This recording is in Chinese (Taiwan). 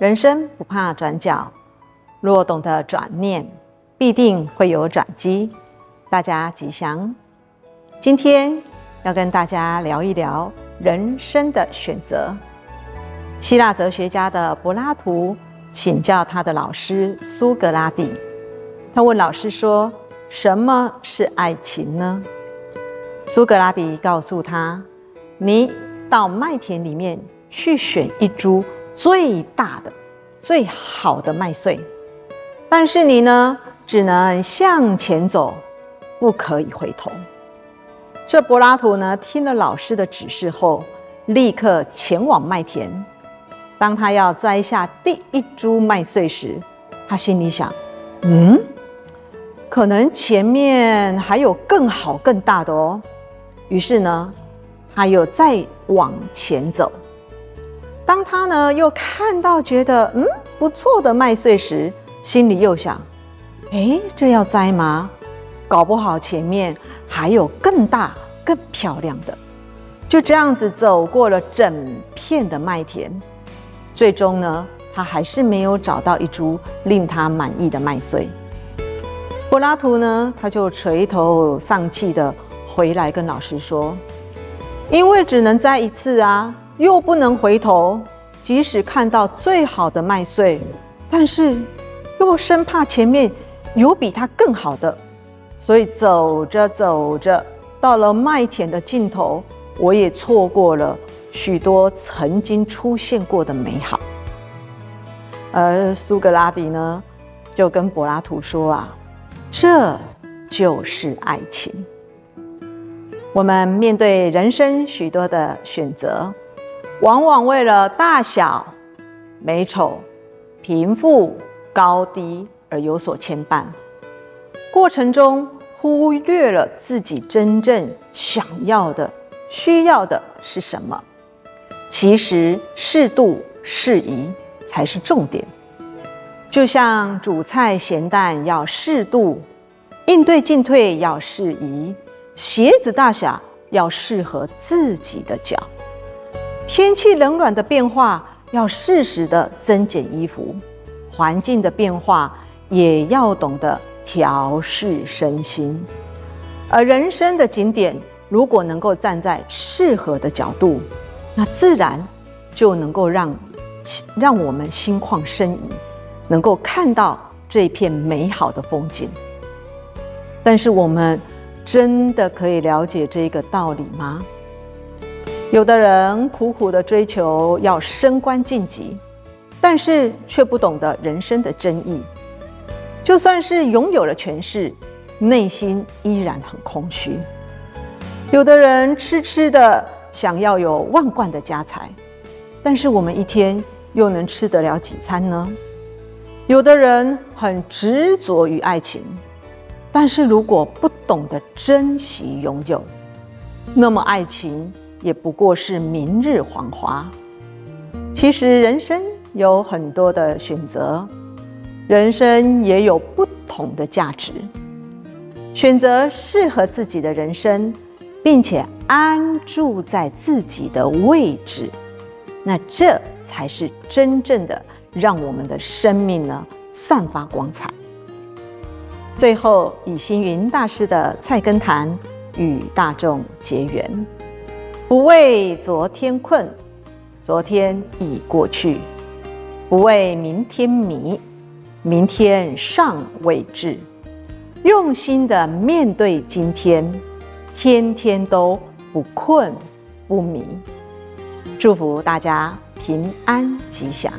人生不怕轉角，若懂得轉念，必定會有轉機。大家吉祥！今天要跟大家聊一聊人生的選擇。希臘哲學家的柏拉圖請教他的老師蘇格拉底，他問老師說：“什麼是愛情呢？”蘇格拉底告訴他：“你到麥田裡面去選一株。”最大的、最好的麥穗，但是你呢，只能向前走，不可以回頭。這柏拉圖呢，聽了老師的指示後，立刻前往麥田。當他要摘下第一株麥穗時，他心裡想：“嗯，可能前面還有更好、更大的哦。”於是呢，他又再往前走。當他呢，又看到覺得嗯，不錯的麥穗時，心裡又想，誒，這要摘嗎？搞不好前面還有更大、更漂亮的。就這樣子走過了整片的麥田，最終呢，他還是沒有找到一株令他滿意的麥穗。柏拉圖呢，他就垂頭喪氣的回來跟老師說，因為只能摘一次啊。又不能回頭，即使看到最好的麥穗，但是又生怕前面有比它更好的，所以走着走着，到了麥田的盡頭，我也錯過了許多曾經出現過的美好。而蘇格拉底呢，就跟柏拉圖說啊，這就是愛情。我們面對人生許多的選擇。往往為了大小、美醜、貧富、高低而有所牽絆，過程中忽略了自己真正想要的、需要的是什麼。其實適度、適宜才是重點。就像煮菜鹹淡要適度，應對進退要適宜，鞋子大小要適合自己的腳。天氣冷暖的變化，要適時的增減衣服；環境的變化，也要懂得調適身心。而人生的景點，如果能夠站在適合的角度，那自然就能夠讓讓我們心曠神怡，能夠看到這片美好的風景。但是，我們真的可以了解這一個道理嗎？有的人苦苦的追求要升官晉級，但是卻不懂得人生的真意。就算是擁有了權勢，內心依然很空虛。有的人痴痴的想要有萬貫的家財，但是我們一天又能吃得了幾餐呢？有的人很執着於愛情，但是如果不懂得珍惜擁有，那麼愛情。也不過是明日黃花。其實人生有很多的選擇，人生也有不同的價值。選擇適合自己的人生，並且安住在自己的位置，那這才是真正的讓我們的生命呢散發光彩。最後，以星雲大師的《菜根譚》與大眾結緣。不為昨天困，昨天已過去；不為明天迷，明天尚未至。用心地面對今天，天天都不困不迷。祝福大家平安吉祥。